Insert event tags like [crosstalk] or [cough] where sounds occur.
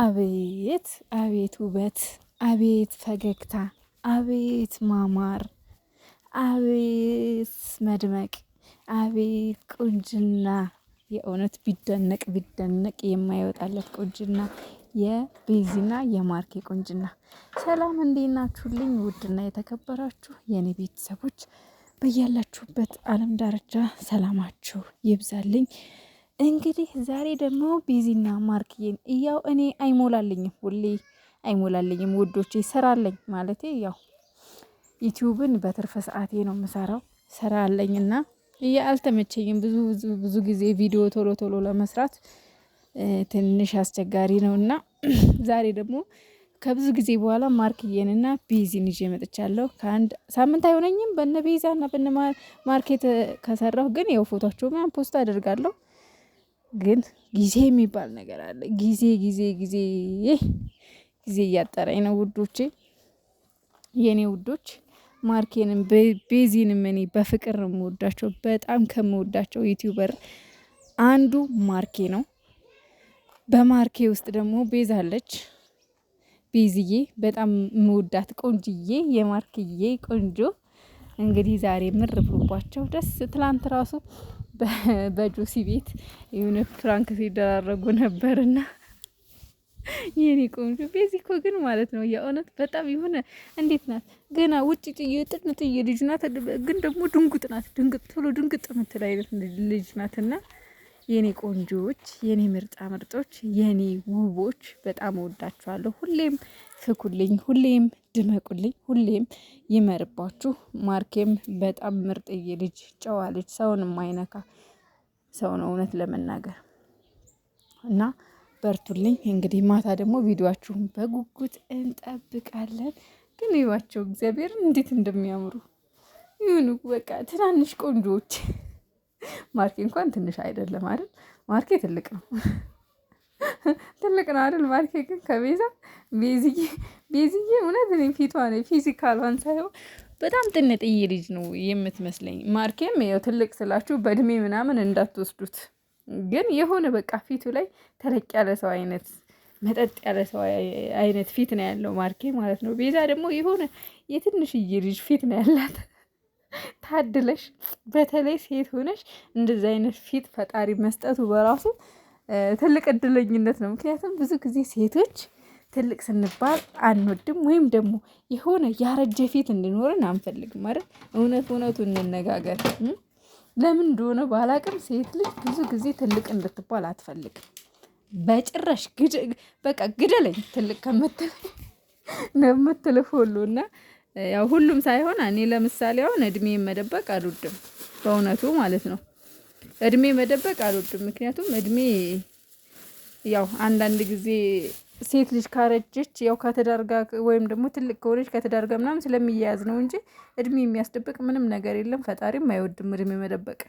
አቤት አቤት ውበት፣ አቤት ፈገግታ፣ አቤት ማማር፣ አቤት መድመቅ፣ አቤት ቁንጅና። የእውነት ቢደነቅ ቢደነቅ የማይወጣለት ቁንጅና የቤዚና የማርኬ ቁንጅና። ሰላም እንዴት ናችሁልኝ? ውድና የተከበራችሁ የእኔ ቤተሰቦች በያላችሁበት ዓለም ዳርቻ ሰላማችሁ ይብዛልኝ። እንግዲህ ዛሬ ደግሞ ቤዚና ማርክዬን እያው እኔ አይሞላልኝም፣ ሁሌ አይሞላልኝም ውዶቼ። ስራለኝ ማለት ያው ዩቲዩብን በትርፈ ሰዓቴ ነው የምሰራው። ስራ አለኝና እያ አልተመቸኝም። ብዙ ብዙ ጊዜ ቪዲዮ ቶሎ ቶሎ ለመስራት ትንሽ አስቸጋሪ ነው እና [clears throat] ዛሬ ደግሞ ከብዙ ጊዜ በኋላ ማርክዬንና ቤዚን ይዤ መጥቻለሁ። ከአንድ ሳምንት አይሆነኝም በነ ቤዛና በነ ማርኬት ከሰራሁ ግን የው ፎቶቸውን ያን ፖስት አደርጋለሁ ግን ጊዜ የሚባል ነገር አለ። ጊዜ ጊዜ ጊዜ ጊዜ እያጠረኝ ነው ውዶቼ፣ የእኔ ውዶች ማርኬንም ቤዚንም እኔ በፍቅር የምወዳቸው በጣም ከምወዳቸው ዩቲዩበር አንዱ ማርኬ ነው። በማርኬ ውስጥ ደግሞ ቤዛ አለች። ቤዝዬ በጣም የምወዳት ቆንጅዬ የማርክዬ ቆንጆ እንግዲህ ዛሬ ምር ብሎባቸው ደስ ትላንት ራሱ [laughs] በጆሲ ቤት የሆነ ፕራንክ ሲደራረጉ ነበርና [laughs] የኔ ቆንጆ ቤዚ እኮ ግን ማለት ነው የእውነት በጣም የሆነ እንዴት ናት? ገና ውጭ ጭዬ ጥንጥዬ ልጅ ናት፣ ግን ደግሞ ድንጉጥ ናት። ድንግጥ ቶሎ ድንግጥ የምትል አይነት ልጅ ናትና የኔ ቆንጆዎች፣ የኔ ምርጣ ምርጦች፣ የኔ ውቦች በጣም እወዳችኋለሁ። ሁሌም ፍኩልኝ፣ ሁሌም ድመቁልኝ፣ ሁሌም ይመርባችሁ። ማርኬም በጣም ምርጥዬ ልጅ፣ ጨዋ ልጅ፣ ሰውን የማይነካ ሰው ነው እውነት ለመናገር እና በርቱልኝ። እንግዲህ ማታ ደግሞ ቪዲዮችሁን በጉጉት እንጠብቃለን። ግን ይዋቸው እግዚአብሔር እንዴት እንደሚያምሩ ይሁኑ። በቃ ትናንሽ ቆንጆዎች ማርኬ እንኳን ትንሽ አይደለም አይደል? ማርኬ ትልቅ ነው ትልቅ ነው አይደል? ማርኬ ግን ከቤዛ ቤዝዬ ቤዝዬ እውነት እኔ ፊቷን ፊዚካሏን ሳየው በጣም ጥንጥዬ ልጅ ነው የምትመስለኝ። ማርኬም ያው ትልቅ ስላችሁ በእድሜ ምናምን እንዳትወስዱት፣ ግን የሆነ በቃ ፊቱ ላይ ተለቅ ያለ ሰው አይነት መጠጥ ያለ ሰው አይነት ፊት ነው ያለው ማርኬ ማለት ነው። ቤዛ ደግሞ የሆነ የትንሽዬ ልጅ ፊት ነው ያላት። ታድለሽ። በተለይ ሴት ሆነሽ እንደዚህ አይነት ፊት ፈጣሪ መስጠቱ በራሱ ትልቅ እድለኝነት ነው። ምክንያቱም ብዙ ጊዜ ሴቶች ትልቅ ስንባል አንወድም፣ ወይም ደግሞ የሆነ ያረጀ ፊት እንዲኖረን አንፈልግም። ማለት እውነት እውነቱ እንነጋገር። ለምን እንደሆነ ባላቅም ሴት ልጅ ብዙ ጊዜ ትልቅ እንድትባል አትፈልግም በጭራሽ። በቃ ግደለኝ ትልቅ ከምትል [laughs] ነው የምትልፍ ሁሉ እና ያው ሁሉም ሳይሆን እኔ ለምሳሌ አሁን እድሜ መደበቅ አልወድም፣ በእውነቱ ማለት ነው። እድሜ መደበቅ አልወድም፣ ምክንያቱም እድሜ ያው አንዳንድ ጊዜ ሴት ልጅ ካረጀች ያው ከተዳርጋ ወይም ደግሞ ትልቅ ከሆነች ከተዳርጋ ምናምን ስለሚያያዝ ነው እንጂ እድሜ የሚያስደብቅ ምንም ነገር የለም። ፈጣሪም አይወድም እድሜ መደበቅ።